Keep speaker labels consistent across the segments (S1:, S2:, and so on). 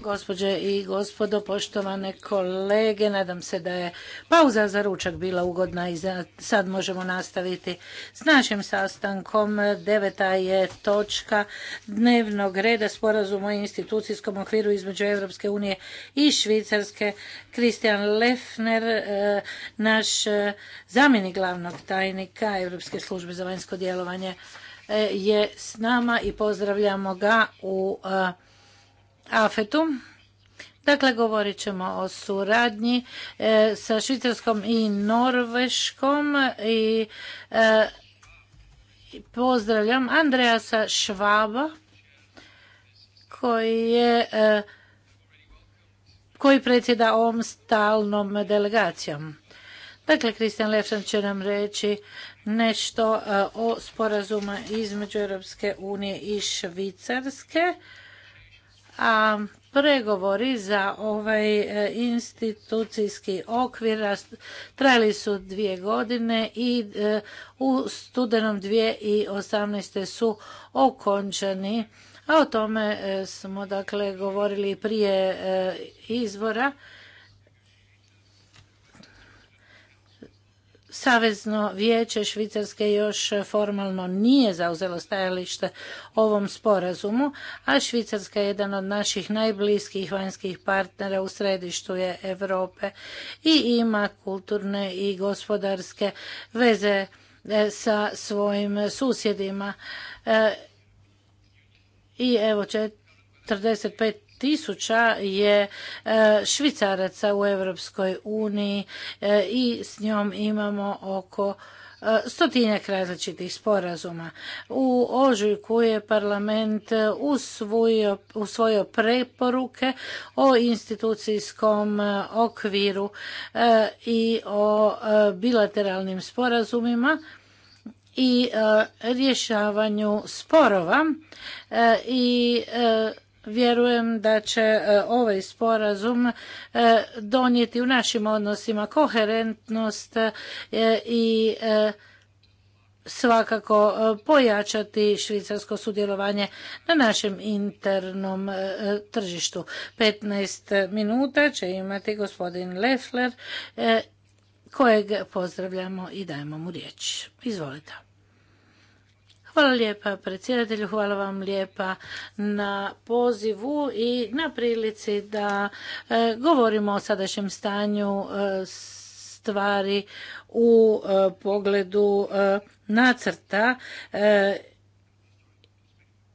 S1: Gospođe i gospodo, poštovane kolege, nadam se da je pauza za ručak bila ugodna i sad možemo nastaviti s našim sastankom. Deveta je točka dnevnog reda sporazum o institucijskom okviru između Europske unije i Švicarske. Kristijan Lefner, eh, naš eh, zamjenik glavnog tajnika Europske službe za vanjsko djelovanje, E, je s nama i pozdravljamo ga u e, Afetu. Dakle, govorit ćemo o suradnji e, sa Švicarskom i Norveškom i pozdravljam Andreasa Švaba koji je koji predsjeda ovom stalnom delegacijom. Dakle, Kristijan Lefran će nam reći nešto e, o sporazuma između Europske unije i Švicarske. A pregovori za ovaj e, institucijski okvir trajali su dvije godine i e, u studenom 2018. su okončani. A o tome smo dakle govorili prije izvora Savezno vijeće Švicarske još formalno nije zauzelo stajalište ovom sporazumu, a Švicarska je jedan od naših najbliskih vanjskih partnera u središtu je Europe i ima kulturne i gospodarske veze e, sa svojim susjedima. E, I evo 45 tisuća je e, švicaraca u Europskoj uniji e, i s njom imamo oko e, stotinjak različitih sporazuma. U ožujku je parlament usvojio, usvojio preporuke o institucijskom okviru i o bilateralnim sporazumima i rješavanju sporova i vjerujem da će e, ovaj sporazum e, donijeti u našim odnosima koherentnost e, i svakako pojačati švicarsko sudjelovanje na našem internom tržištu. 15 minuta će imati gospodin Leffler kojeg pozdravljamo i dajemo mu riječ. Izvolite. Hvala lijepa predsjedatelju, hvala vam lijepa na pozivu i na prilici da e, govorimo o sadašnjem stanju e, stvari u e, pogledu nacrta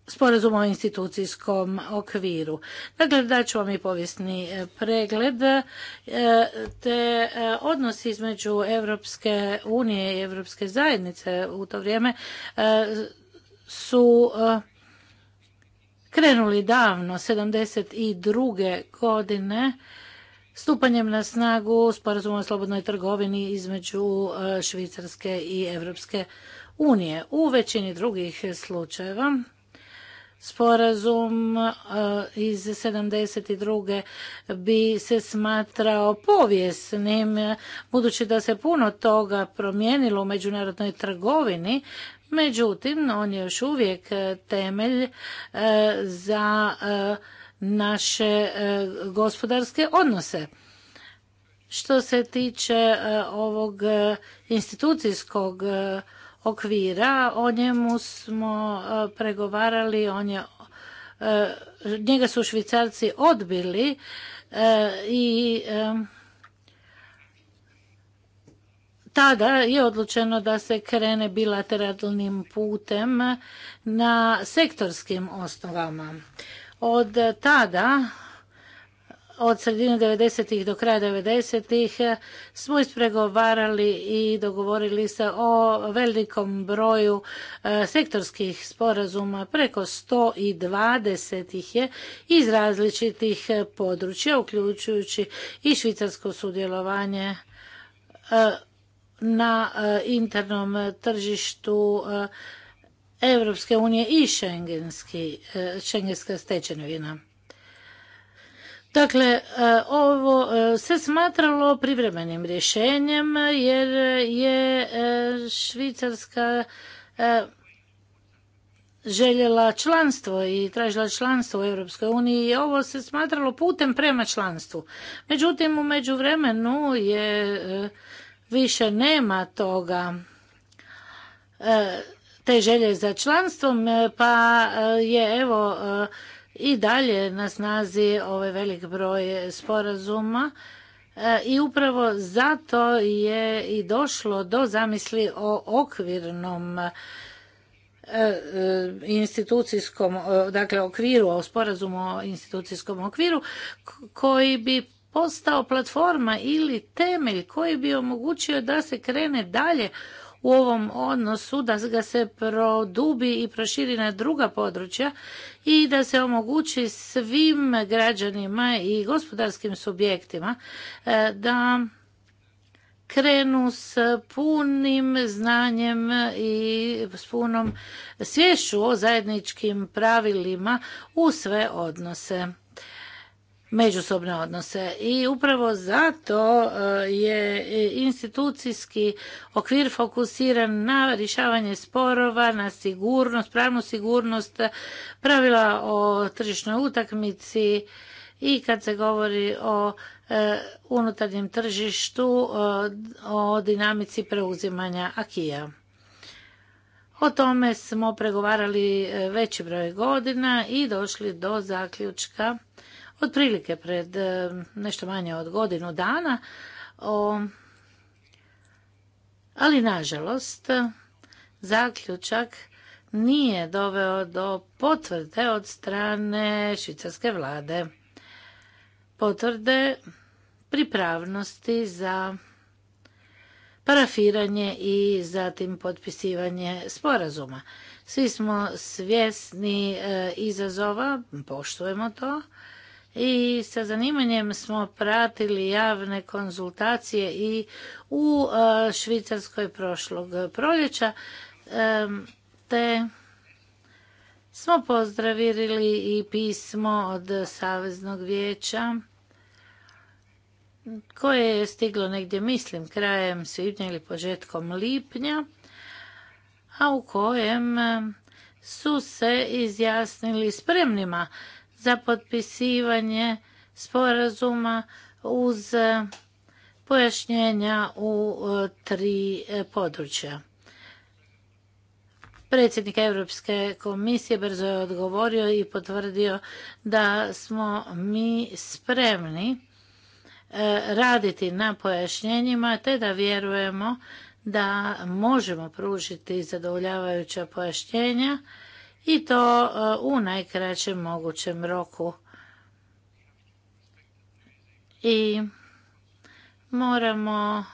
S1: sporazuma o institucijskom okviru. Dakle, daću vam i povijesni e, pregled e, te e, odnos između Europske unije i Europske zajednice u to vrijeme su krenuli davno, 72. godine, stupanjem na snagu sporazuma o slobodnoj trgovini između Švicarske i Europske unije. U većini drugih slučajeva sporazum e, iz 72. bi se smatrao povijesnim, budući da se puno toga promijenilo u međunarodnoj trgovini, međutim on je još uvijek temelj e, za e, naše gospodarske odnose. Što se tiče ovog institucijskog okvira. O njemu smo e, pregovarali, on je, e, njega su švicarci odbili e, i tada je odlučeno da se krene bilateralnim putem na sektorskim osnovama. Od tada od sredine 90 do kraja 90 eh, smo ispregovarali i dogovorili se o velikom broju eh, sektorskih sporazuma, preko 120 ih je iz različitih eh, područja, uključujući i švicarsko sudjelovanje na internom tržištu Europske unije i šengenska stečevina. Dakle, e, ovo e, se smatralo privremenim rješenjem jer je e, Švicarska željela članstvo i tražila članstvo u Europskoj uniji i ovo se smatralo putem prema članstvu. Međutim, u međuvremenu je više nema toga te želje za članstvom, pa je evo i dalje na snazi ovaj velik broj sporazuma e, i upravo zato je i došlo do zamisli o okvirnom e, e, institucijskom, dakle okviru, o sporazumu o institucijskom okviru koji bi postao platforma ili temelj koji bi omogućio da se krene dalje u ovom odnosu, da ga se produbi i proširi na druga područja i da se omogući svim građanima i gospodarskim subjektima e, da krenu s punim znanjem i s punom svješću o zajedničkim pravilima u sve odnose međusobne odnose. I upravo zato e, je institucijski okvir fokusiran na rješavanje sporova, na sigurnost, pravnu sigurnost, pravila o tržišnoj utakmici i kad se govori o e, unutarnjem tržištu, e, o dinamici preuzimanja akija. O tome smo pregovarali veći broj godina i došli do zaključka otprilike pred e, nešto manje od godinu dana. Ali nažalost, zaključak nije doveo do potvrde od strane švicarske vlade. Potvrde pripravnosti za parafiranje i zatim potpisivanje sporazuma. Svi smo svjesni e, izazova, poštujemo to, i sa zanimanjem smo pratili javne konzultacije i u e, Švicarskoj prošlog proljeća e, te smo pozdravili i pismo od Saveznog vijeća koje je stiglo negdje, mislim, krajem svibnja ili početkom lipnja, a u kojem su se izjasnili spremnima za potpisivanje sporazuma uz e, pojašnjenja u e, tri e, područja. Predsjednik Europske komisije brzo je odgovorio i potvrdio da smo mi spremni raditi na pojašnjenjima te da vjerujemo da možemo pružiti zadovoljavajuća pojašnjenja i to e, u najkraćem mogućem roku. I moramo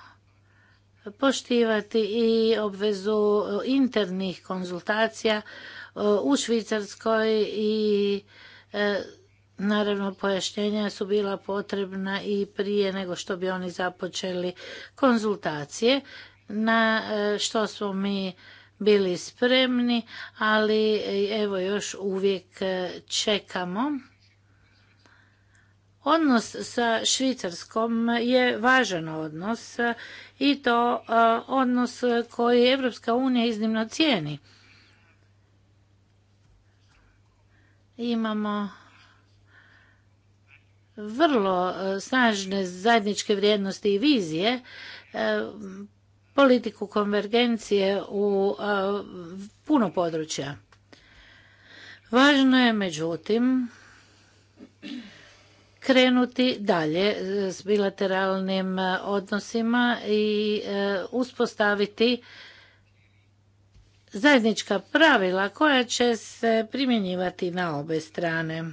S1: poštivati i obvezu e, internih konzultacija e, u Švicarskoj i naravno pojašnjenja su bila potrebna i prije nego što bi oni započeli konzultacije na što smo mi bili spremni, ali e, evo još uvijek e, čekamo. Odnos sa Švicarskom je važan odnos e, i to odnos koji Evropska unija iznimno cijeni. Imamo vrlo snažne zajedničke vrijednosti i vizije politiku konvergencije u puno područja. Važno je međutim krenuti dalje s bilateralnim odnosima i uspostaviti zajednička pravila koja će se primjenjivati na obe strane.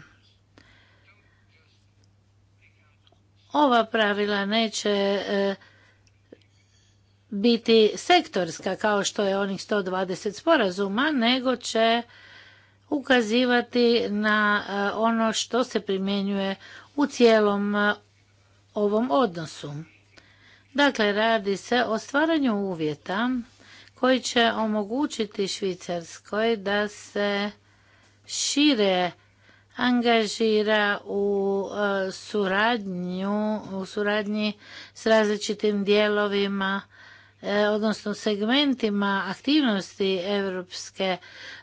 S1: Ova pravila neće biti sektorska kao što je onih 120 sporazuma, nego će ukazivati na eh, ono što se primjenjuje u cijelom eh, ovom odnosu. Dakle, radi se o stvaranju uvjeta koji će omogućiti Švicarskoj da se šire angažira u eh, suradnju, u suradnji s različitim dijelovima E, odnosno segmentima aktivnosti Europske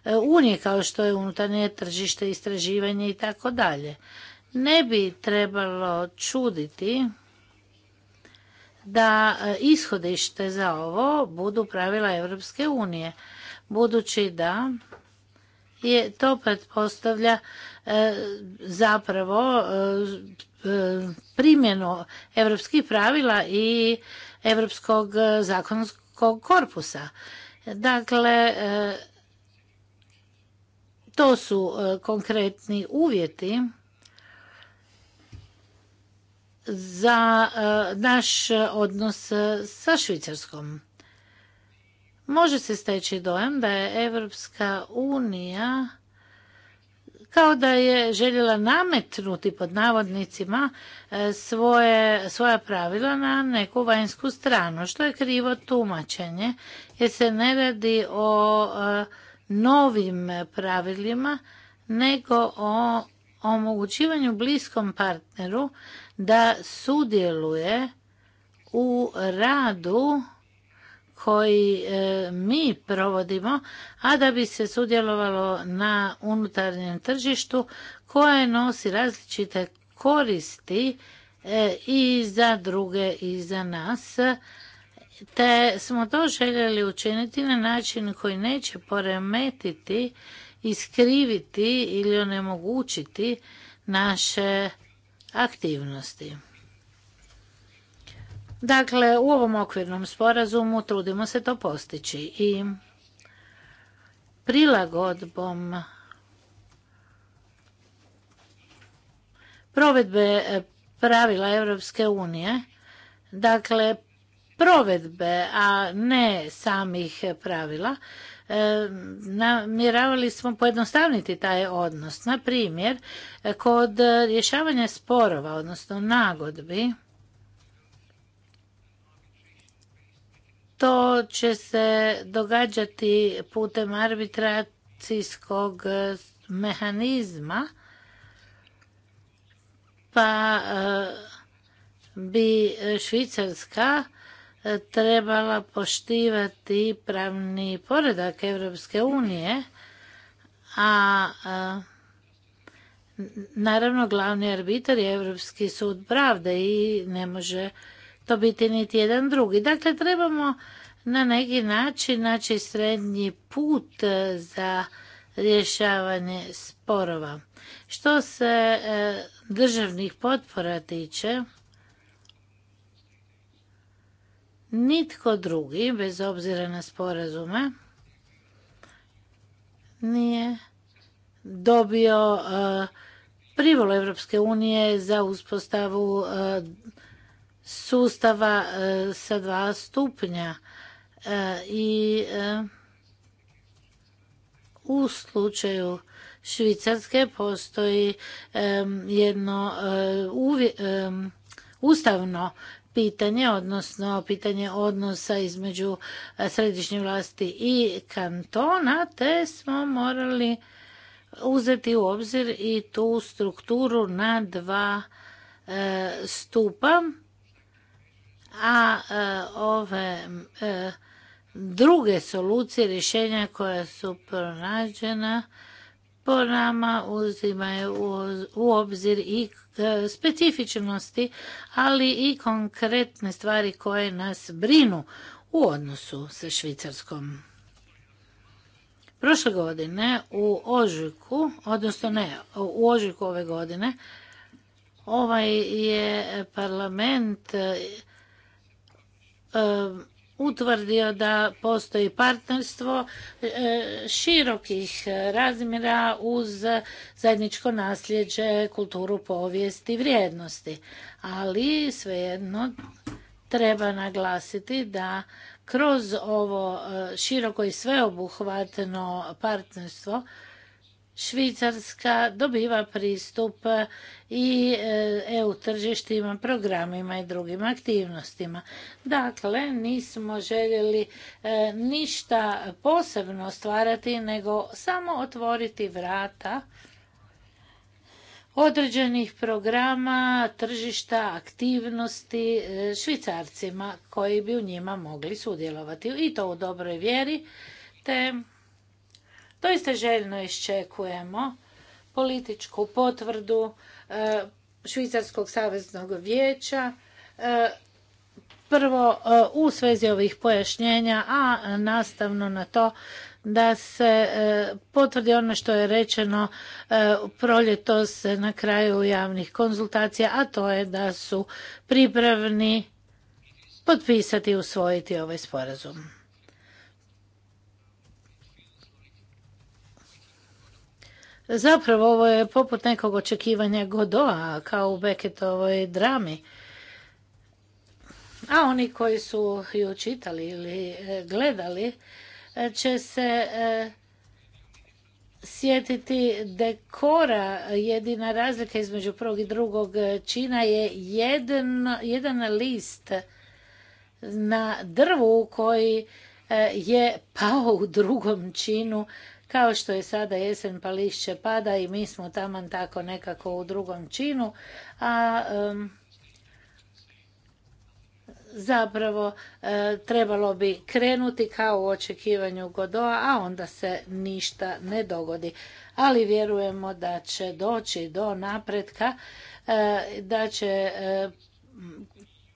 S1: e, unije kao što je unutarnje tržište, istraživanje i tako dalje. Ne bi trebalo čuditi da e, ishodište za ovo budu pravila Europske unije, budući da je to pretpostavlja zapravo primjenu europskih pravila i Europskog e, zakonskog korpusa. Dakle, e, to su e, konkretni uvjeti za naš odnos sa Švicarskom. Može se steći dojam da je Evropska unija kao da je željela nametnuti pod navodnicima e, svoje, svoja pravila na neku vanjsku stranu, što je krivo tumačenje, jer se ne radi o e, novim pravilima, nego o omogućivanju bliskom partneru da sudjeluje u radu koji e, mi provodimo, a da bi se sudjelovalo na unutarnjem tržištu koje nosi različite koristi e, i za druge i za nas. Te smo to željeli učiniti na način koji neće poremetiti, iskriviti ili onemogućiti naše aktivnosti. Dakle, u ovom okvirnom sporazumu trudimo se to postići i prilagodbom provedbe eh, pravila Europske unije, dakle provedbe, a ne samih pravila, eh, namjeravali smo pojednostavniti taj odnos. Na primjer, eh, kod rješavanja sporova, odnosno nagodbi, to će se događati putem arbitracijskog mehanizma pa eh, bi Švicarska eh, trebala poštivati pravni poredak Europske unije, a eh, naravno glavni arbitar je Europski sud pravde i ne može to biti niti jedan drugi. Dakle, trebamo na neki način naći srednji put e, za rješavanje sporova. Što se e, državnih potpora tiče, nitko drugi, bez obzira na sporazume, nije dobio e, privolu Evropske unije za uspostavu sustava e, sa dva stupnja e, i e, u slučaju Švicarske postoji jedno ustavno pitanje, odnosno pitanje odnosa između središnje vlasti i kantona, te smo morali uzeti u obzir i tu strukturu na dva stupa a e, ove e, druge solucije, rješenja koja su pronađena, po nama uzimaju u obzir i e, specifičnosti, ali i konkretne stvari koje nas brinu u odnosu sa Švicarskom. Prošle godine u ožujku, odnosno ne, u ožujku ove godine, ovaj je parlament Um, utvrdio da postoji partnerstvo e, širokih razmjera uz zajedničko nasljeđe, kulturu, povijest i vrijednosti. Ali svejedno treba naglasiti da kroz ovo e, široko i sveobuhvatno partnerstvo Švicarska dobiva pristup i e, EU tržištima, programima i drugim aktivnostima. Dakle, nismo željeli e, ništa posebno stvarati, nego samo otvoriti vrata određenih programa, tržišta, aktivnosti e, švicarcima koji bi u njima mogli sudjelovati. I to u dobroj vjeri, te doista željno iščekujemo političku potvrdu e, Švicarskog saveznog vijeća e, prvo e, u svezi ovih pojašnjenja, a nastavno na to da se potvrdi ono što je rečeno proljetos na kraju javnih konzultacija, a to je da su pripravni potpisati i usvojiti ovaj sporazum. Zapravo ovo je poput nekog očekivanja Godoa, kao u Beketovoj drami. A oni koji su ju čitali ili e, gledali e, će se e, sjetiti dekora. Jedina razlika između prvog i drugog čina je jedan, jedan list na drvu koji je pao u drugom činu kao što je sada jesen pa lišće pada i mi smo taman tako nekako u drugom činu, a zapravo e, trebalo bi krenuti kao u očekivanju Godoa, a onda se ništa ne dogodi. Ali vjerujemo da će doći do napretka, e, da će e,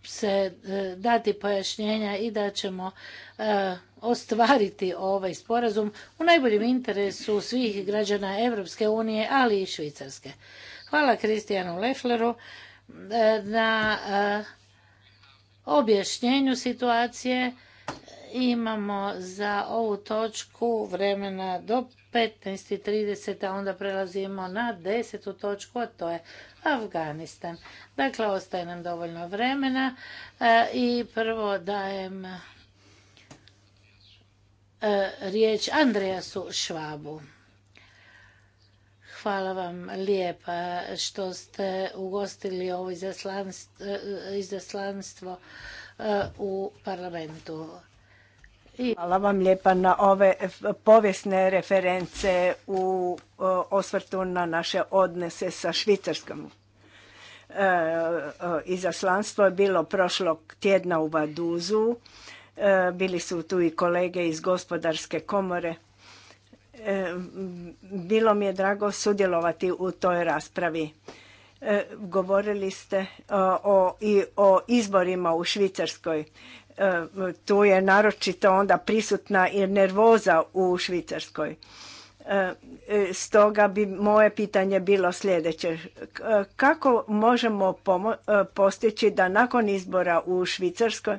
S1: se e, dati pojašnjenja i da ćemo e, ostvariti ovaj sporazum u najboljem interesu svih građana Europske unije, ali i Švicarske. Hvala Kristijanu Lefleru e, na objašnjenju situacije imamo za ovu točku vremena do 15.30, a onda prelazimo na 10. točku, a to je Afganistan. Dakle, ostaje nam dovoljno vremena e, i prvo dajem e, riječ Andrejasu Švabu. Hvala vam lijepa što ste ugostili ovo e, izaslanstvo
S2: u parlamentu hvala vam lijepa na ove povijesne reference u osvrtu na naše odnose sa Švicarskom. E, izaslanstvo je bilo prošlog tjedna u Vaduzu. E, bili su tu i kolege iz gospodarske komore. E, bilo mi je drago sudjelovati u toj raspravi. Govorili ste o, i o izborima u Švicarskoj E, tu je naročito onda prisutna i nervoza u Švicarskoj. E, e, stoga bi moje pitanje bilo sljedeće. Kako možemo postići da nakon izbora u Švicarskoj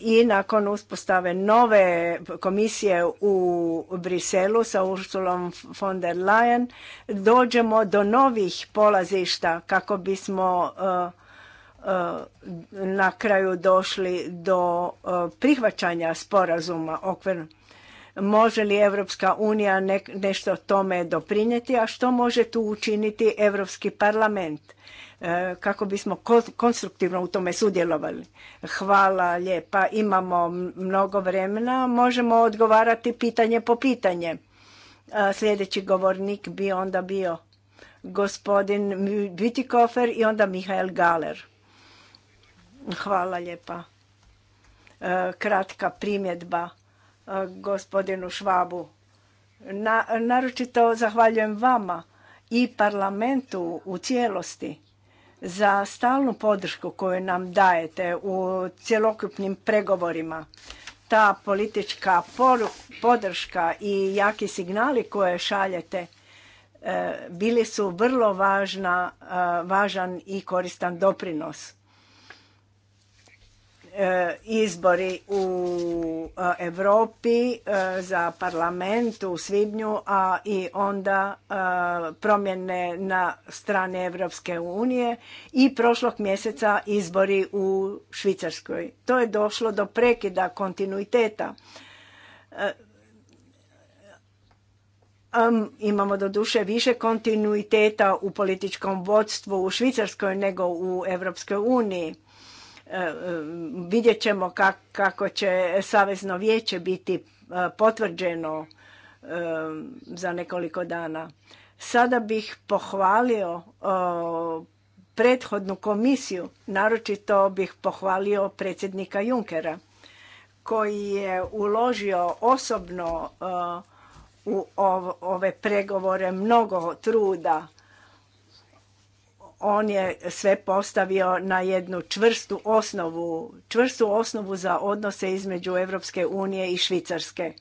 S2: i nakon uspostave nove komisije u Briselu sa Ursulom von der Leyen dođemo do novih polazišta kako bismo E, na kraju došli do e, prihvaćanja sporazuma okvir može li Europska unija nešto tome doprinijeti, a što može tu učiniti Europski parlament e, kako bismo konstruktivno u tome sudjelovali. Hvala lijepa, imamo mnogo vremena, možemo odgovarati pitanje po pitanje. Sljedeći govornik bi onda bio gospodin Bütikofer i onda Mihael Galer. Hvala lijepa. E, kratka primjedba e, gospodinu Švabu. naročito zahvaljujem vama i parlamentu u cijelosti za stalnu podršku koju nam dajete u cjelokupnim pregovorima. Ta politička podrška i jaki signali koje šaljete e, bili su vrlo važna, važan i koristan doprinos. E, izbori u Europi e, za parlament u svibnju, a i onda e, promjene na strane Europske unije i prošlog mjeseca izbori u Švicarskoj. To je došlo do prekida kontinuiteta. Imamo doduše više kontinuiteta u političkom vodstvu u Švicarskoj nego u Europskoj uniji E, e, vidjet ćemo kako će Savezno vijeće biti e, potvrđeno za nekoliko dana. Sada bih pohvalio prethodnu komisiju, naročito bih pohvalio predsjednika Junkera koji je uložio osobno u ove pregovore mnogo truda on je sve postavio na jednu čvrstu osnovu, čvrstu osnovu za odnose između Europske unije i Švicarske.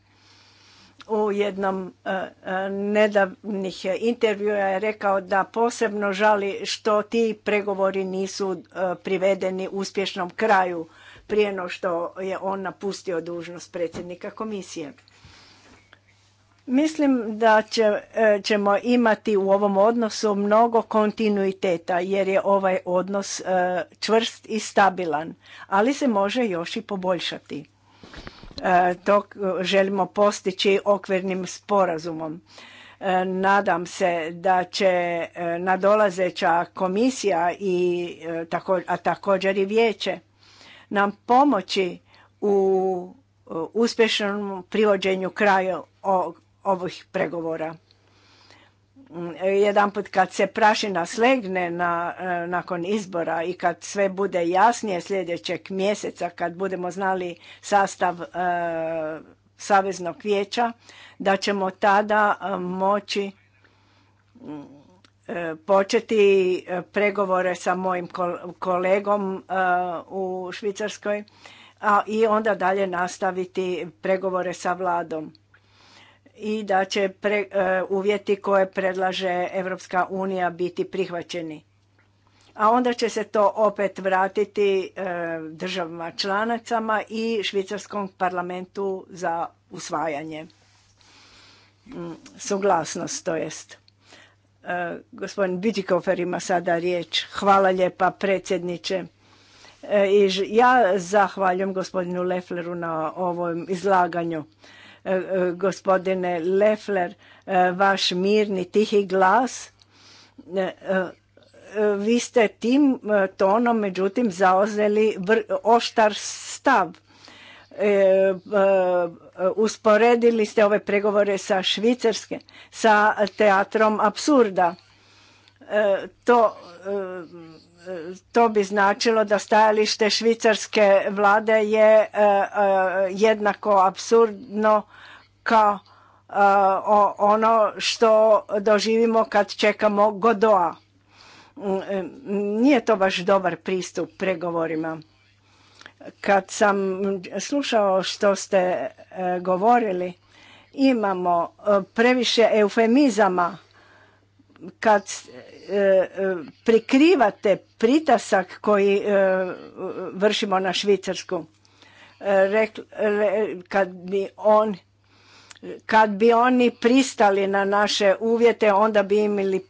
S2: U jednom e, e, nedavnih intervjua je rekao da posebno žali što ti pregovori nisu e, privedeni uspješnom kraju prije no što je on napustio dužnost predsjednika komisije. Mislim da e, ćemo imati u ovom odnosu mnogo kontinuiteta jer je ovaj odnos e, čvrst i stabilan, ali se može još i poboljšati. E, to želimo postići okvirnim sporazumom. Nadam se da će nadolazeća komisija, i, a također i vijeće, nam pomoći u uspješnom privođenju kraju ovih pregovora. Jedanput kad se prašina slegne na, e, nakon izbora i kad sve bude jasnije sljedećeg mjeseca, kad budemo znali sastav e, Saveznog vijeća, da ćemo tada e, moći početi pregovore sa mojim kolegom u Švicarskoj a i onda dalje nastaviti pregovore sa vladom i da će e, uvjeti koje predlaže Europska unija biti prihvaćeni. A onda će se to opet vratiti e, državama članicama i švicarskom parlamentu za usvajanje. Mm, suglasnost to jest. E, gospodin Bitikofer ima sada riječ. Hvala lijepa predsjedniče. I ja zahvaljujem gospodinu Lefleru na ovom izlaganju. E, e, gospodine Lefler, e, vaš mirni, tihi glas. Vi ste tim tonom, međutim, zauzeli oštar stav. usporedili ste ove pregovore sa Švicarske, sa teatrom absurda. to to bi značilo da stajalište švicarske vlade je e, e, jednako absurdno kao e, ono što doživimo kad čekamo Godoa. Nije to baš dobar pristup pregovorima. Kad sam slušao što ste govorili, imamo previše eufemizama kad e, e, prikrivate pritasak koji e, vršimo na Švicarsku, kad bi on kad bi oni pristali na naše uvjete, onda bi imali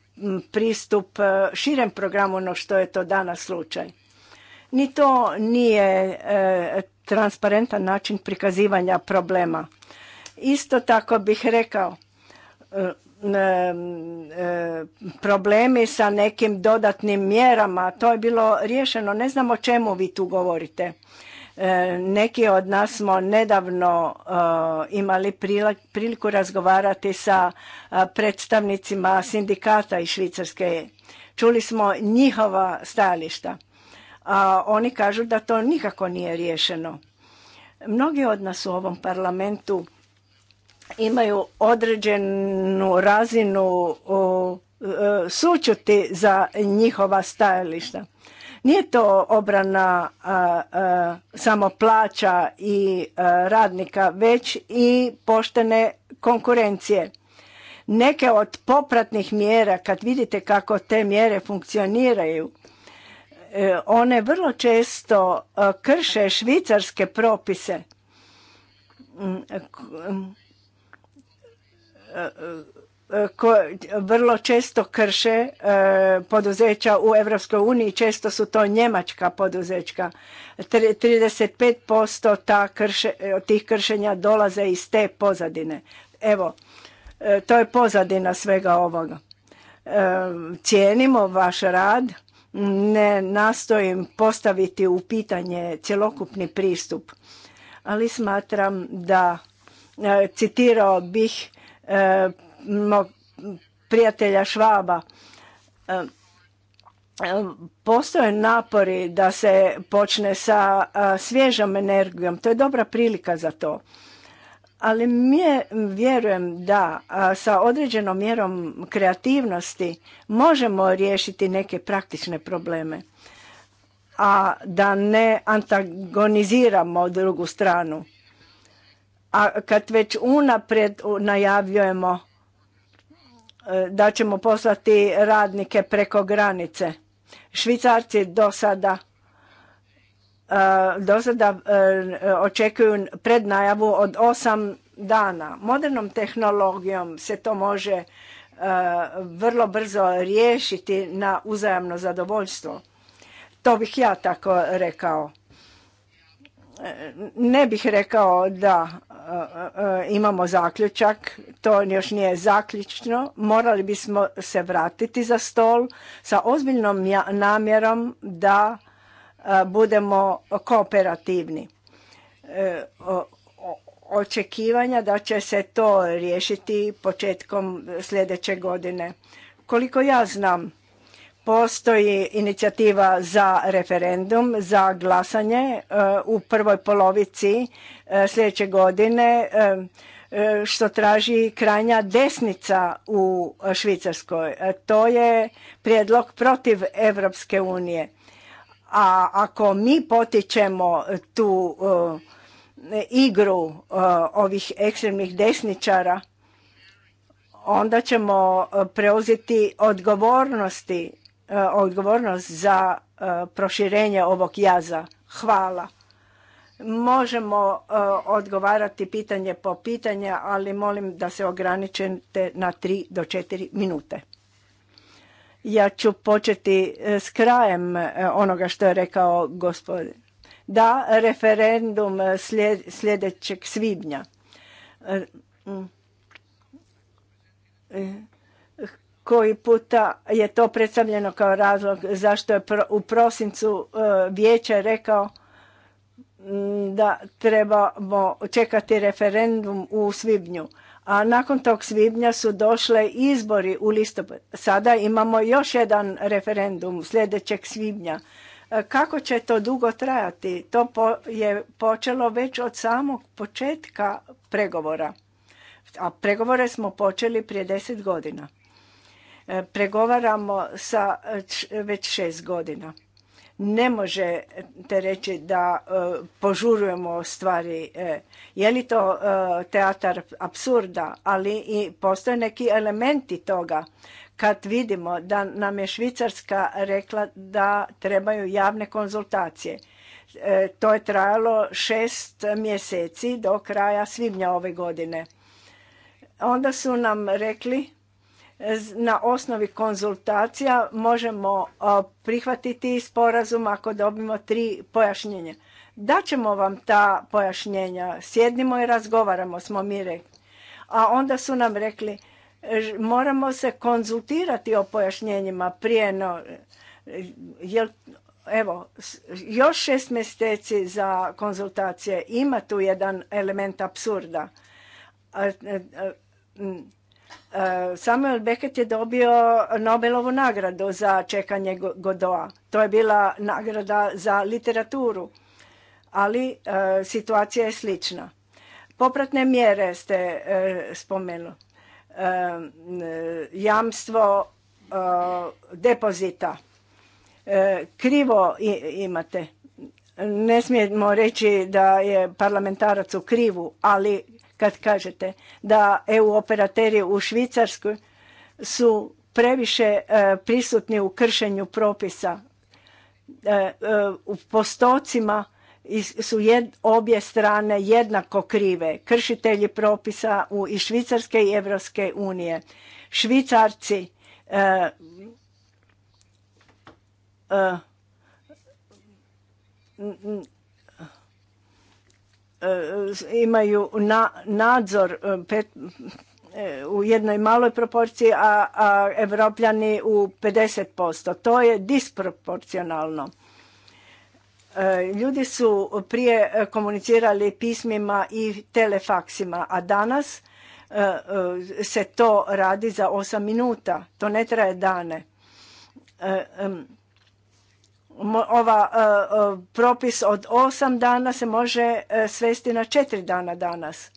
S2: pristup širem programu no što je to danas slučaj. Ni to nije transparentan način prikazivanja problema. Isto tako bih rekao E, problemi sa nekim dodatnim mjerama. To je bilo riješeno. Ne znam o čemu vi tu govorite. E, neki od nas smo nedavno e, imali priliku razgovarati sa predstavnicima sindikata iz Švicarske. Čuli smo njihova stajališta. A oni kažu da to nikako nije riješeno. Mnogi od nas u ovom parlamentu imaju određenu razinu e, sučuti za njihova stajališta. Nije to obrana samo plaća i radnika, već i poštene konkurencije. Neke od popratnih mjera, kad vidite kako te mjere funkcioniraju, e, one vrlo često e, krše švicarske propise mm, E, e, koje vrlo često krše e, poduzeća u Europskoj uniji, često su to njemačka poduzeća. 35% ta tih kršenja dolaze iz te pozadine. Evo, to je pozadina svega ovoga. Cijenimo vaš rad, ne nastojim postaviti u pitanje cjelokupni pristup, ali smatram da citirao bih mog prijatelja Švaba. E, postoje napori da se počne sa e, svježom energijom. To je dobra prilika za to. Ali mi vjerujem da sa određenom mjerom kreativnosti možemo riješiti neke praktične probleme, a da ne antagoniziramo drugu stranu a kad već unaprijed najavljujemo e, da ćemo poslati radnike preko granice. Švicarci do sada e, do sada e, očekuju prednajavu od osam dana. Modernom tehnologijom se to može vrlo brzo riješiti na uzajamno zadovoljstvo. To bih ja tako rekao ne bih rekao da e, e, imamo zaključak, to još nije zaključno. Morali bismo se vratiti za stol sa ozbiljnom namjerom da e, budemo kooperativni. Očekivanja da će se to riješiti početkom sljedeće godine. Koliko ja znam, Postoji inicijativa za referendum, za glasanje e, u prvoj polovici e, sljedeće godine e, što traži krajnja desnica u Švicarskoj. To je prijedlog protiv Evropske unije. A ako mi potičemo tu igru ovih ekstremnih desničara, onda ćemo preuzeti odgovornosti E, odgovornost za e, proširenje ovog jaza. Hvala. Možemo e, odgovarati pitanje po pitanja, ali molim da se ograničite na tri do četiri minute. Ja ću početi s krajem onoga što je rekao gospodin. Da, referendum sljedećeg svibnja koji puta je to predstavljeno kao razlog zašto je u prosincu e, vijeće rekao mm, da trebamo čekati referendum u svibnju. A nakon tog svibnja su došle izbori u listopad. Sada imamo još jedan referendum sljedećeg svibnja. E, kako će to dugo trajati? To je počelo već od samog početka pregovora. A pregovore smo počeli prije deset godina. E, pregovaramo sa e, već šest godina. Ne te reći da e, požurujemo stvari. Je li to teatar absurda, ali i postoje neki elementi toga kad vidimo da nam je Švicarska rekla da trebaju javne konzultacije. to je trajalo šest mjeseci do kraja svibnja ove godine. Onda su nam rekli na osnovi konzultacija možemo prihvatiti sporazum ako dobimo tri pojašnjenja. Daćemo vam ta pojašnjenja, sjednimo i razgovaramo, smo mi rekli. A onda su nam rekli, moramo se konzultirati o pojašnjenjima prije, jel, evo, još šest mjeseci za konzultacije. Ima tu jedan element apsurda. E, Samuel Beckett je dobio Nobelovu nagradu za čekanje Godoa. To je bila nagrada za literaturu, ali e, situacija je slična. Popratne mjere ste e, spomenuli. Jamstvo depozita. Krivo imate. Ne smijemo reći da je parlamentarac u krivu, ali kad kažete da EU operateri u Švicarskoj su previše e, prisutni u kršenju propisa. E, e, u postocima su obje strane jednako krive. Kršitelji propisa u i Švicarske i Evropske unije. Švicarci E, imaju na, nadzor e, e, u jednoj maloj proporciji, a, a evropljani u 50%. To je disproporcionalno. Ljudi su prije komunicirali pismima i telefaksima, a danas se to radi za 8 minuta. To ne traje dane ova e, e, propis od osam dana se može e, svesti na četiri dana danas.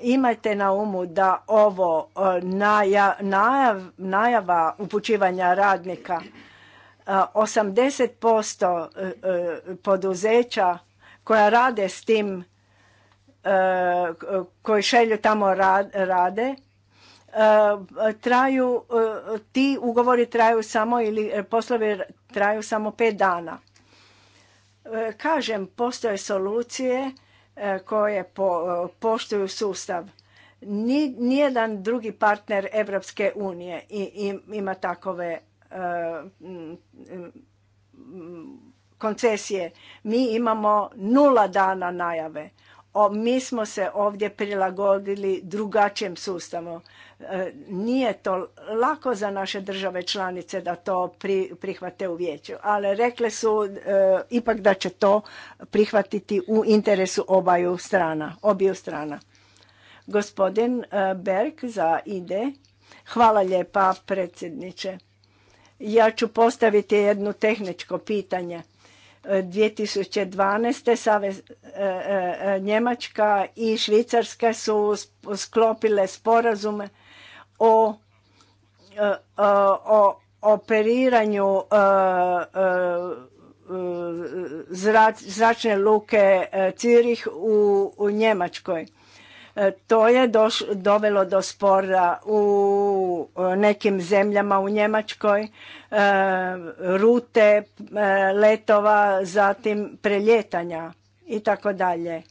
S2: Imajte na umu da ovo najava upućivanja radnika 80% poduzeća koja rade s tim koji šelju tamo rade Eh, traju, eh, ti ugovori traju samo ili eh, poslovi traju samo pet dana. Kažem, postoje solucije koje poštuju sustav. nijedan drugi partner Evropske unije ima takove koncesije. Mi imamo nula dana najave. O, mi smo se ovdje prilagodili drugačijem sustavu. E, nije to lako za naše države članice da to prihvate u vijeću, ali rekle su e, ipak da će to prihvatiti u interesu obaju strana, obiju strana. Gospodin e, Berg za ide. Hvala lijepa predsjedniče. Ja ću postaviti jedno tehničko pitanje. 2012. Savez, Njemačka i Švicarska su sklopile sporazume o, e, e, o operiranju e, zračne luke Cirih u, Njemačkoj. To je dovelo do spora u nekim zemljama u Njemačkoj, rute letova, zatim preljetanja i tako dalje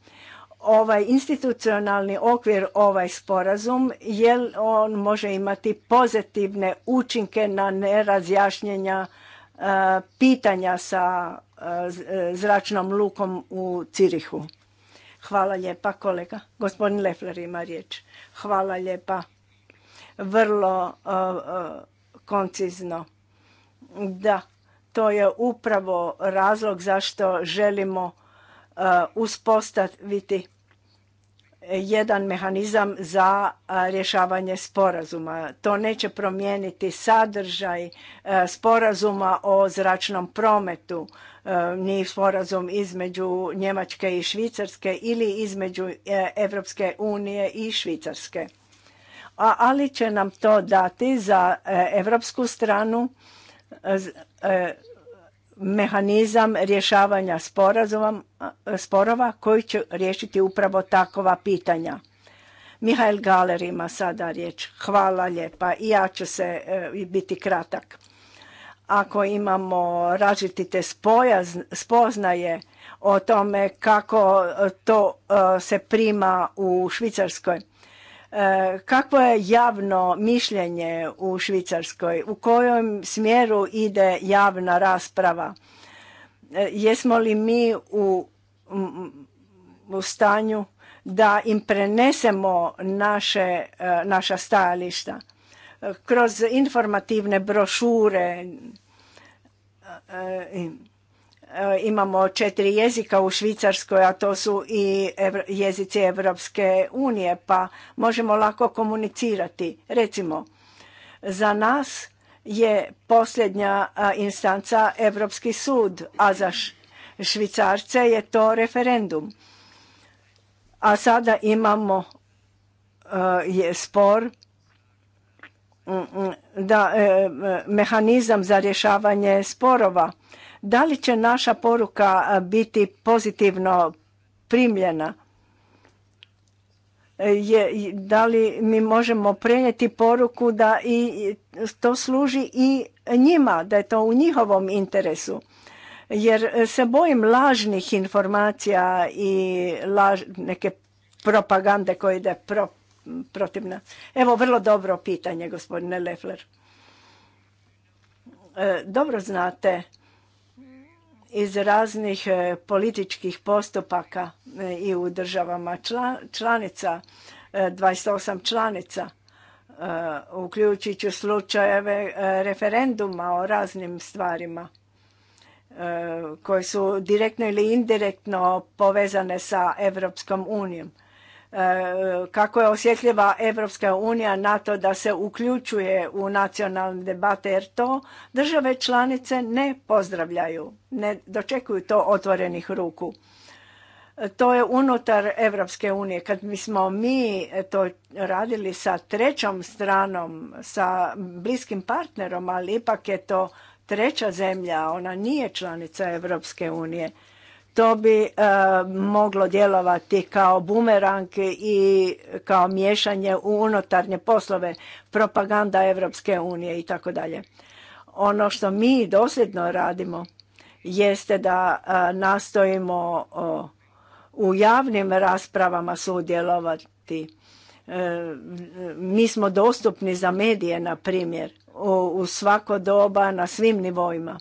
S2: ovaj institucionalni okvir, ovaj sporazum, jer on može imati pozitivne učinke na nerazjašnjenja e, pitanja sa e, e, zračnom lukom u Cirihu. Hvala lijepa kolega. Gospodin Lefler ima riječ. Hvala lijepa. Vrlo koncizno. Da, to je upravo razlog zašto želimo uspostaviti jedan mehanizam za rješavanje sporazuma. To neće promijeniti sadržaj e, sporazuma o zračnom prometu, e, ni sporazum između Njemačke i Švicarske ili između e, Evropske unije i Švicarske. Ali će nam to dati za evropsku stranu mehanizam rješavanja sporova koji će riješiti upravo takova pitanja. Mihael Galer ima sada riječ. Hvala lijepa. I ja ću se e, biti kratak. Ako imamo različite spoznaje o tome kako to e, se prima u Švicarskoj, E, kakvo je javno mišljenje u Švicarskoj? U kojem smjeru ide javna rasprava? E, jesmo li mi u, u stanju da im prenesemo naše, e, naša stajališta? Kroz informativne brošure, E, imamo četiri jezika u Švicarskoj, a to su i jezici Evropske unije, pa možemo lako komunicirati. Recimo, za nas je posljednja instanca Evropski sud, a za Švicarce je to referendum. A sada imamo e, je spor mm, mm, da e, mehanizam za rješavanje sporova da li će naša poruka biti pozitivno primljena? E, je, da li mi možemo prenijeti poruku da i to služi i njima, da je to u njihovom interesu. Jer e, se bojim lažnih informacija i neke propagande koje ide pro, protiv nas. Evo, vrlo dobro pitanje, gospodine Lefler. E, dobro znate iz raznih e, političkih postupaka e, i u državama članica, 28 e, članica, uključujući slučajeve referenduma o raznim stvarima koje su direktno ili indirektno povezane sa Evropskom unijom. E, kako je osjetljiva europska unija na to da se uključuje u nacionalne debate jer to države članice ne pozdravljaju, ne dočekuju to otvorenih ruku. To je unutar europske unije. Kad mi smo mi to radili sa trećom stranom, sa bliskim partnerom, ali ipak je to treća zemlja, ona nije članica europske unije to bi e, moglo djelovati kao bumerang i kao miješanje u unutarnje poslove, propaganda Europske unije i tako dalje. Ono što mi dosljedno radimo jeste da e, nastojimo u javnim raspravama sudjelovati. E, mi smo dostupni za medije, na primjer, u, u svako doba na svim nivoima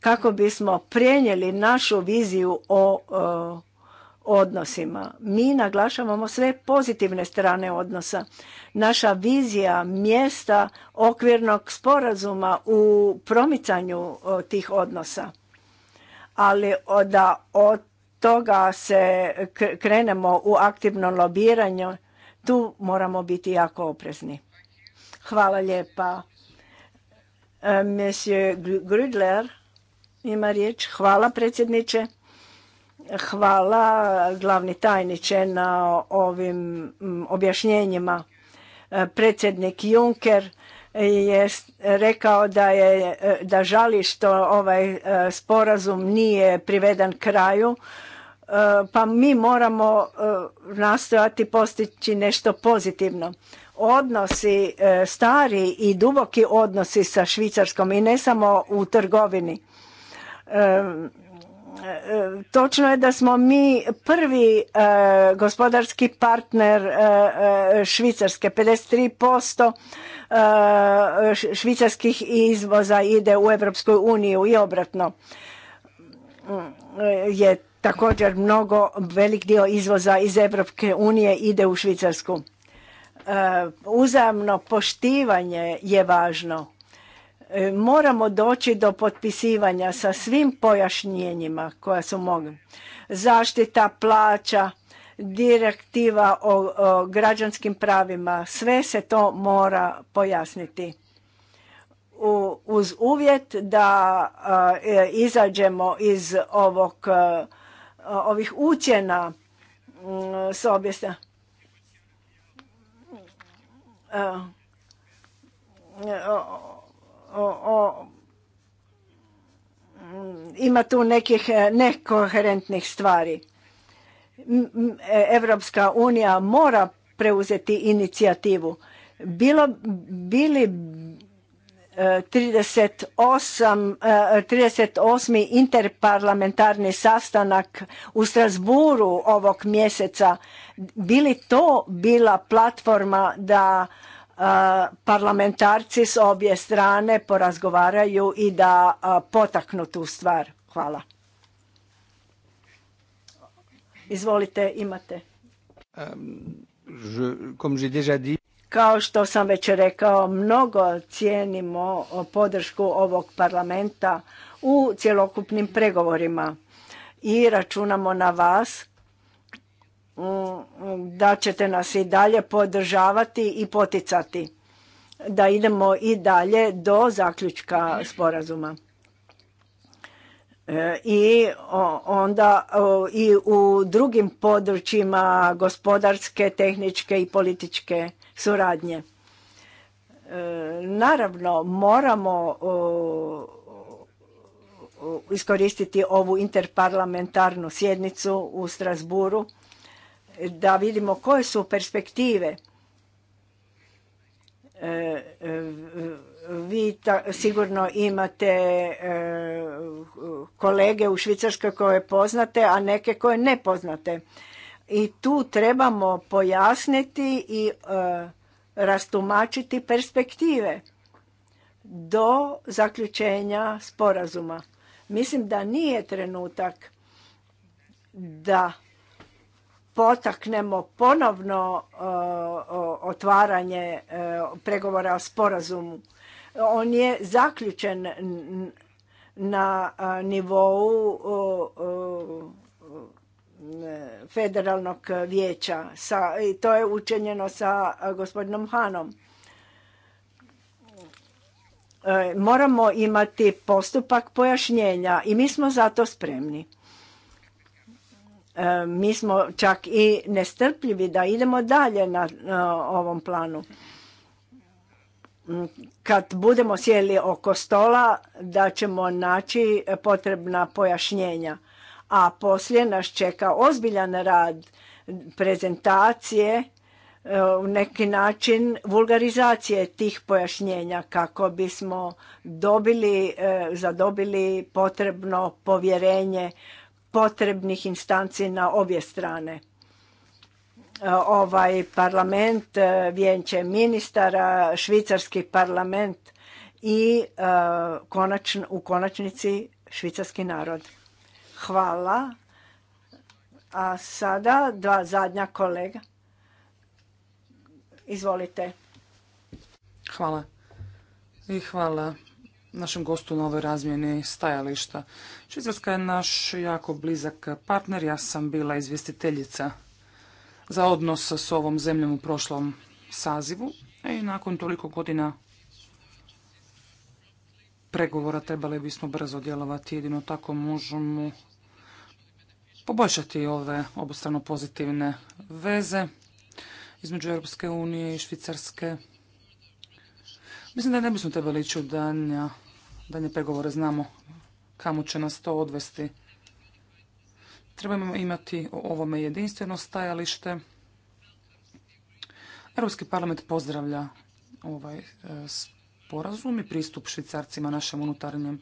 S2: kako bismo prenijeli našu viziju o, odnosima. Mi naglašavamo sve pozitivne strane odnosa. Naša vizija mjesta okvirnog sporazuma u promicanju tih odnosa. Ali da od toga se krenemo u aktivno lobiranje, tu moramo biti jako oprezni. Hvala lijepa. E, monsieur Grudler ima riječ. Hvala predsjedniče. Hvala glavni tajniče na ovim objašnjenjima. E, predsjednik Juncker je rekao da, je, e, da žali što ovaj e, sporazum nije priveden kraju, pa mi moramo nastojati postići nešto pozitivno. Odnosi, stari i duboki odnosi sa Švicarskom i ne samo u trgovini, Točno je da smo mi prvi e, gospodarski partner e, e, Švicarske. 53% švicarskih izvoza ide u Europskoj uniju i obratno. Je također mnogo, velik dio izvoza iz Europske unije ide u Švicarsku. Uzajamno poštivanje je važno E, moramo doći do potpisivanja sa svim pojašnjenjima koja su mogli. Zaštita plaća, direktiva o, građanskim pravima, sve se to mora pojasniti. uz uvjet da e, izađemo iz ovog, ovih ucjena mm, s objesta o, mm, ima tu nekih e, nekoherentnih stvari. E, Evropska unija mora preuzeti inicijativu. Bilo bili 38, e, 38. interparlamentarni sastanak u Strasburu ovog mjeseca, bili to bila platforma da parlamentarci s obje strane porazgovaraju i da potaknu tu stvar. Hvala. Izvolite, imate.
S3: Um,
S2: Kao što sam već rekao, mnogo cijenimo podršku ovog parlamenta u cjelokupnim pregovorima i računamo na vas Mm, da ćete nas i dalje podržavati i poticati da idemo i dalje do zaključka sporazuma. E, I onda i u drugim područjima gospodarske, tehničke i političke suradnje. E, naravno, moramo iskoristiti ovu interparlamentarnu sjednicu u Strasburu da vidimo koje su perspektive. E, e, vi sigurno imate e, kolege u Švicarskoj koje poznate, a neke koje ne poznate. I tu trebamo pojasniti i rastumačiti perspektive do zaključenja sporazuma. Mislim da nije trenutak da potaknemo ponovno e, otvaranje e, pregovora o sporazumu. On je zaključen na e, nivou federalnog vijeća. to je učinjeno sa gospodinom Hanom. Moramo imati postupak pojašnjenja i mi smo za to spremni. E, mi smo čak i nestrpljivi da idemo dalje na ovom planu. Mm, kad budemo sjeli oko stola da ćemo naći potrebna pojašnjenja. A poslije nas čeka ozbiljan rad prezentacije, e, u neki način vulgarizacije tih pojašnjenja kako bismo dobili, e, zadobili potrebno povjerenje potrebnih instanci na obje strane. E, ovaj parlament, e, vjenče ministara, švicarski parlament i e, u konačnici švicarski narod. Hvala. A sada dva zadnja kolega. Izvolite.
S3: Hvala. I hvala našem gostu na ovoj razmjeni stajališta. Švicarska je naš jako blizak partner, ja sam bila izvjestiteljica za odnos s ovom zemljom u prošlom sazivu i nakon toliko godina pregovora trebali bismo brzo djelovati, jedino tako možemo poboljšati ove obostrano pozitivne veze između Europske unije i Švicarske. Mislim da ne bismo trebali ići u danja, danje pregovore, znamo kamo će nas to odvesti. Trebamo imati o ovome jedinstveno stajalište. Europski parlament pozdravlja ovaj e, sporazum i pristup švicarcima našem unutarnjem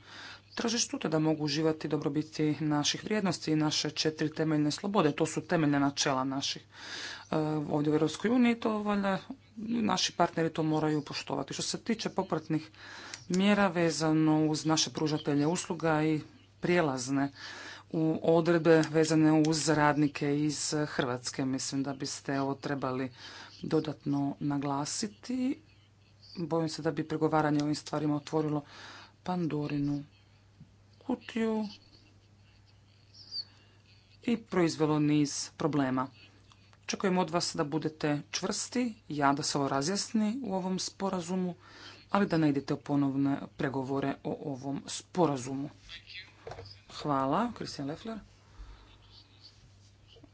S3: tržištu, te da mogu uživati dobrobiti naših vrijednosti i naše četiri temeljne slobode. To su temeljne načela naših Eh, ovdje u EU to valjda naši partneri to moraju poštovati. Što se tiče popratnih mjera vezano uz naše pružatelje usluga i prijelazne u odredbe vezane uz radnike iz Hrvatske. Mislim da biste ovo trebali dodatno naglasiti. Bojim se da bi pregovaranje ovim stvarima otvorilo Pandorinu kutiju i proizvelo niz problema. Očekujem od vas da budete čvrsti, ja da se ovo razjasni u ovom sporazumu, ali da ne idete u ponovne pregovore o ovom sporazumu. Hvala, Kristijan Lefler.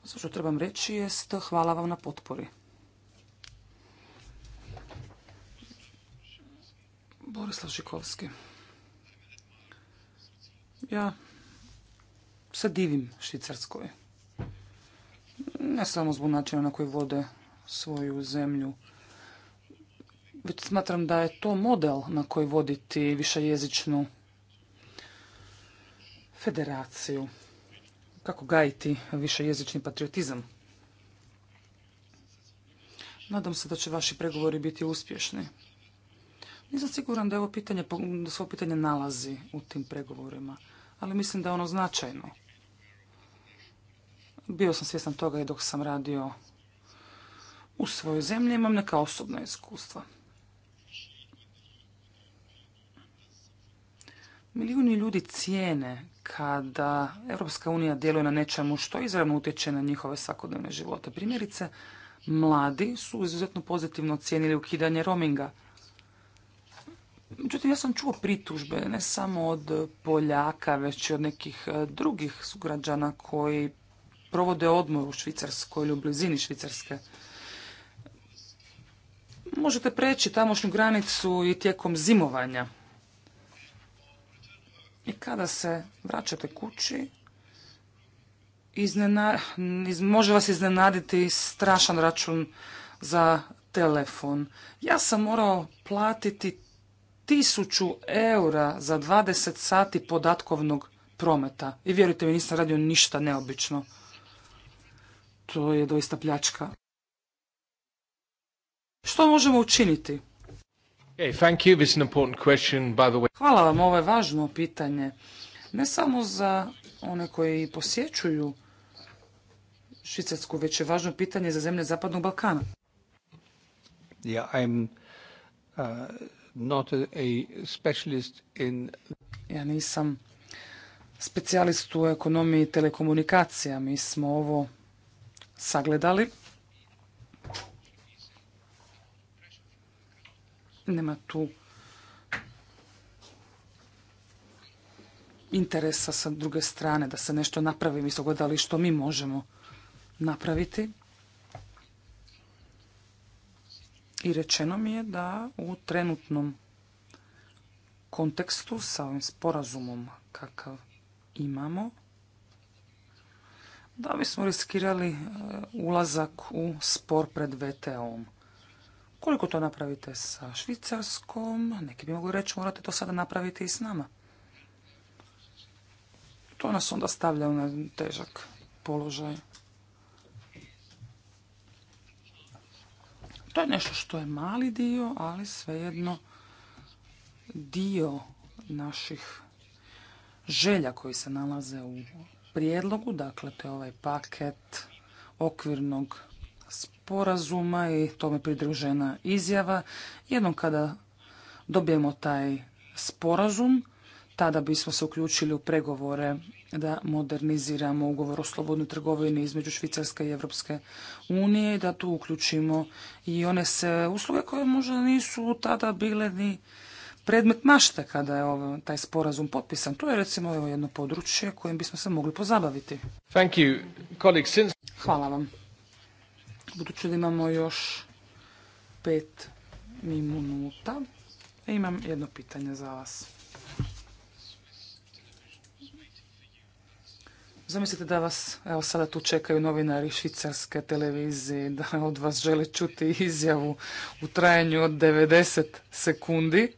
S3: Sve što trebam reći jest hvala vam na potpori. Borislav Šikovski. Ja se divim Švicarskoj ne samo zbog načina na koji vode svoju zemlju, već smatram da je to model na koji voditi višejezičnu federaciju. Kako gajiti višejezični patriotizam? Nadam se da će vaši pregovori biti uspješni. Nisam siguran da je ovo pitanje, da se pitanje nalazi u tim pregovorima, ali mislim da je ono značajno. Bio sam svjestan toga i dok sam radio u svojoj zemlji, imam neka osobna iskustva. Milijuni ljudi cijene kada Europska unija djeluje na nečemu što izravno utječe na njihove svakodnevne živote. Primjerice, mladi su izuzetno pozitivno cijenili ukidanje roaminga. Međutim, ja sam čuo pritužbe ne samo od Poljaka, već i od nekih eh, drugih sugrađana koji provode odmor u Švicarskoj ili u blizini Švicarske. Možete preći tamošnju granicu i tijekom zimovanja. I kada se vraćate kući, može vas iznenaditi strašan račun za telefon. Ja sam morao platiti tisuću eura za 20 sati podatkovnog prometa. I vjerujte mi, nisam radio ništa neobično. To je doista pljačka. Što možemo učiniti? Hvala vam, ovo je važno pitanje. Ne samo za one koji posjećuju Švicarsku, već je važno pitanje za zemlje Zapadnog Balkana. Uh, ja nisam specijalist u ekonomiji i telekomunikacija. Mi smo ovo sagledali. Nema tu interesa sa druge strane da se nešto napravi. Mi sagledali što mi možemo napraviti. I rečeno mi je da u trenutnom kontekstu sa ovim sporazumom kakav imamo, da bismo riskirali e, ulazak u spor pred VTO-om. Koliko to napravite sa Švicarskom, neki bi mogli reći morate to sada napraviti i s nama. To nas onda stavlja na težak položaj. To je nešto što je mali dio, ali svejedno dio naših želja koji se nalaze u prijedlogu, dakle to je ovaj paket okvirnog sporazuma i tome pridružena izjava. Jednom kada dobijemo taj sporazum, tada bismo se uključili u pregovore da moderniziramo ugovor o slobodnoj trgovini između Švicarske i Europske unije i da tu uključimo i one se usluge koje možda nisu tada bile ni predmet mašte kada je taj sporazum potpisan. To je recimo evo, jedno područje kojim bismo se mogli pozabaviti. Thank you. Hvala vam. Budući da imamo još pet minuta, imam jedno pitanje za vas. Zamislite da vas, evo sada tu čekaju novinari švicarske televizije, da od vas žele čuti izjavu u trajanju od 90 sekundi.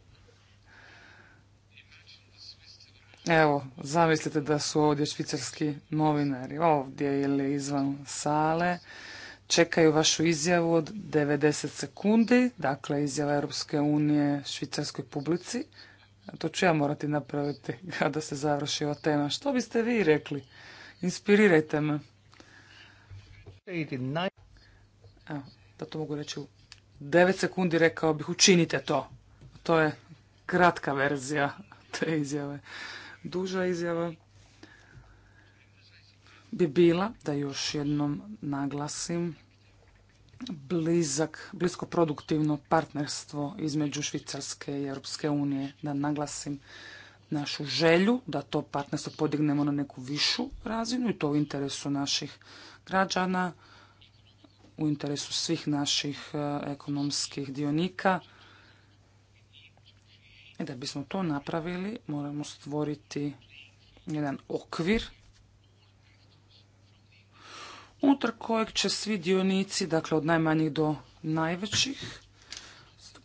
S3: Evo, zamislite da su ovdje švicarski novinari, ovdje ili izvan sale, čekaju vašu izjavu od 90 sekundi, dakle izjava Europske unije švicarskoj publici. To ću ja morati napraviti kada se završi ova tema. Što biste vi rekli? Inspirirajte me. Evo, da to mogu reći u 9 sekundi rekao bih učinite to. To je kratka verzija te izjave duža izjava bi bila, da još jednom naglasim, blizak, blisko produktivno partnerstvo između Švicarske i Europske unije. Da naglasim našu želju da to partnerstvo podignemo na neku višu razinu i to u interesu naših građana, u interesu svih naših eh, ekonomskih dionika i da bismo to napravili, moramo stvoriti jedan okvir unutar kojeg će svi dionici, dakle od najmanjih do najvećih,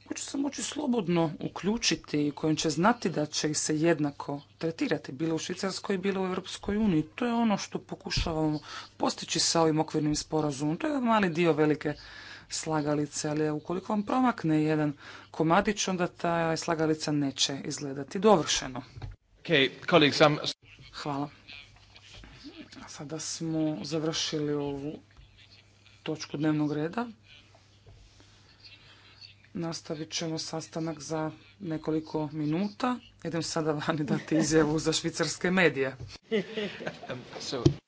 S3: koji će se moći slobodno uključiti i kojim će znati da će ih se jednako tretirati, bilo u Švicarskoj, bilo u Europskoj uniji. To je ono što pokušavamo postići sa ovim okvirnim sporazumom. To je mali dio velike slagalice, ali ukoliko vam promakne jedan komadić, onda ta slagalica neće izgledati dovršeno. Hvala. Sada smo završili ovu točku dnevnog reda. Nastavit ćemo sastanak za nekoliko minuta. Idem sada vani dati izjavu za švicarske medije. Um,